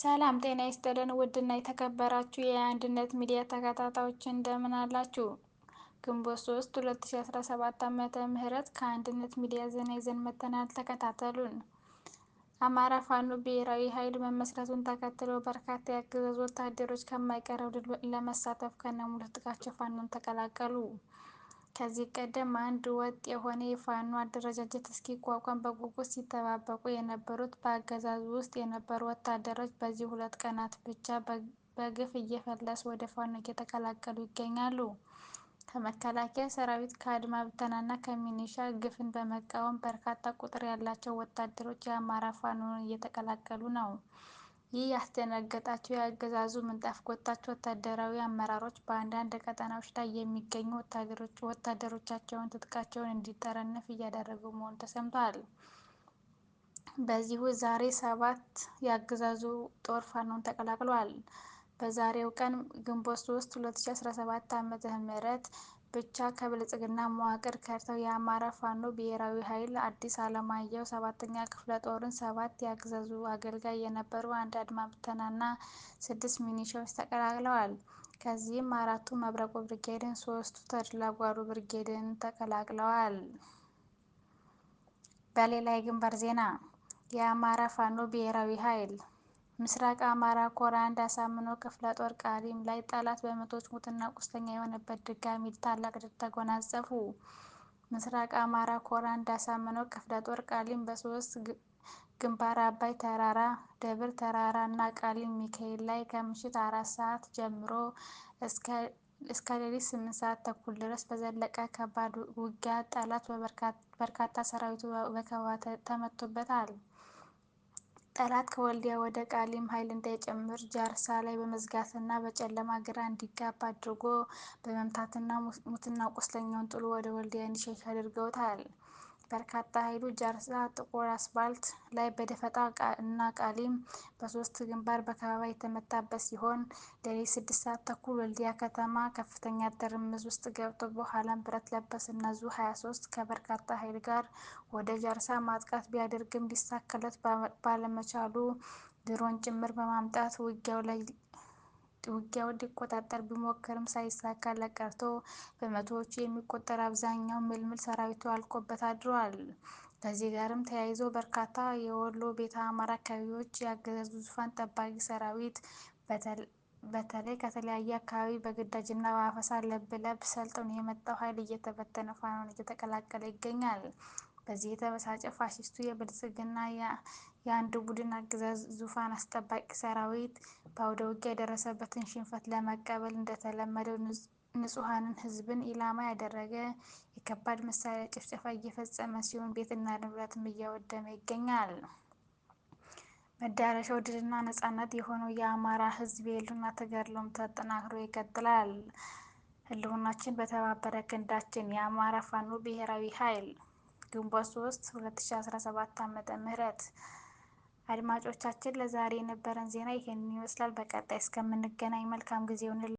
ሰላም ጤና ይስጥልን ውድና የተከበራችሁ የአንድነት ሚዲያ ተከታታዮች እንደምን አላችሁ? ግንቦት 3 2017 ዓመተ ምህረት ከአንድነት ሚዲያ ዜና ይዘን መተናል። ተከታተሉን። አማራ ፋኖ ብሔራዊ ኃይል መመስረቱን ተከትሎ በርካታ የአገዛዙ ወታደሮች ከማይቀረው ድል ለመሳተፍ ከነሙሉ ትጥቃቸው ፋኖን ተቀላቀሉ። ከዚህ ቀደም አንድ ወጥ የሆነ የፋኖ አደረጃጀት እስኪቋቋም በጉጉት ሲጠባበቁ የነበሩት በአገዛዙ ውስጥ የነበሩ ወታደሮች በዚህ ሁለት ቀናት ብቻ በግፍ እየፈለሱ ወደ ፋኖ እየተቀላቀሉ ይገኛሉ። ከመከላከያ ሰራዊት ከአድማ ብተናና ከሚኒሻ ግፍን በመቃወም በርካታ ቁጥር ያላቸው ወታደሮች የአማራ ፋኖን እየተቀላቀሉ ነው። ይህ ያስደነገጣቸው የአገዛዙ ምንጣፍ ጎታች ወታደራዊ አመራሮች በአንዳንድ ቀጠናዎች ላይ የሚገኙ ወታደሮቻቸውን ትጥቃቸውን እንዲጠረንፍ እያደረጉ መሆኑ ተሰምቷል። በዚሁ ዛሬ ሰባት የአገዛዙ ጦር ፋኖን ተቀላቅሏል። በዛሬው ቀን ግንቦት 3 2017 ም ብቻ ከብልጽግና መዋቅር ከድተው የአማራ ፋኖ ብሔራዊ ኃይል አዲስ አለማየሁ ሰባተኛ ክፍለ ጦርን ሰባት ያግዘዙ አገልጋይ የነበሩ አንድ አድማ ብተናና ስድስት ሚኒሻዎች ተቀላቅለዋል። ከዚህም አራቱ መብረቆ ብርጌድን፣ ሶስቱ ተድላ ጓሩ ብርጌድን ተቀላቅለዋል። በሌላ የግንባር ዜና የአማራ ፋኖ ብሔራዊ ኃይል ምስራቅ አማራ ኮር አንድ አሳምኖ ክፍለ ጦር ቃሊም ላይ ጠላት በመቶዎች ሙትና ቁስለኛ የሆነበት ድጋሚ ታላቅ ድል ተጎናጸፉ። ምስራቅ አማራ ኮር አንድ አሳምኖ ክፍለ ጦር ቃሊም በሶስት ግንባር አባይ ተራራ፣ ደብር ተራራ እና ቃሊም ሚካኤል ላይ ከምሽት አራት ሰዓት ጀምሮ እስከ ሌሊት ስምንት ሰዓት ተኩል ድረስ በዘለቀ ከባድ ውጊያ ጠላት በበርካታ ሰራዊቱ በከበባ ተመቶበታል። ጠላት ከወልዲያ ወደ ቃሊም ኃይል እንዳይጨምር ጃርሳ ላይ በመዝጋትና በጨለማ ግራ እንዲጋባ አድርጎ በመምታትና ሙትና ቁስለኛውን ጥሎ ወደ ወልዲያ እንዲሸሽ አድርገውታል። በርካታ ኃይሉ ጃርሳ ጥቁር አስፋልት ላይ በደፈጣ እና ቃሊም በሶስት ግንባር በከበባ የተመታበት ሲሆን፣ ሌሊት 6 ሰዓት ተኩል ወልዲያ ከተማ ከፍተኛ ትርምስ ውስጥ ገብቶ በኋላም ብረት ለበስ እነዙ 23 ከበርካታ ኃይል ጋር ወደ ጃርሳ ማጥቃት ቢያደርግም ሊሳካለት ባለመቻሉ ድሮን ጭምር በማምጣት ውጊያው ላይ ውጊያውን ሊቆጣጠር ቢሞክርም ሳይሳካ ቀርቶ በመቶዎቹ የሚቆጠር አብዛኛው ምልምል ሰራዊቱ አልቆበት አድሯል። ከዚህ ጋርም ተያይዞ በርካታ የወሎ ቤተ አማራ አካባቢዎች የአገዛዙ ዙፋን ጠባቂ ሰራዊት በተለይ ከተለያየ አካባቢ በግዳጅና በአፈሳ ለብለብ ለብ ሰልጥኖ የመጣው ኃይል እየተበተነ ፋኖን እየተቀላቀለ ይገኛል። በዚህ የተበሳጨ ፋሺስቱ የብልጽግና የአንድ ቡድን አገዛዝ ዙፋን አስጠባቂ ሰራዊት በአውደ ውጊያ የደረሰበትን ሽንፈት ለመቀበል እንደተለመደው ንጹሐንን ህዝብን ኢላማ ያደረገ የከባድ መሳሪያ ጭፍጨፋ እየፈጸመ ሲሆን ቤትና ንብረትም እያወደመ ይገኛል። መዳረሻው ድልና ነጻነት የሆነው የአማራ ህዝብ የህልውና ተጋድሎም ተጠናክሮ ይቀጥላል። ህልውናችን በተባበረ ክንዳችን። የአማራ ፋኖ ብሔራዊ ኃይል ግንቦት 3 2017 ዓ.ም አድማጮቻችን ለዛሬ የነበረን ዜና ይህንን ይመስላል። በቀጣይ እስከምንገናኝ መልካም ጊዜ ይሁንልን።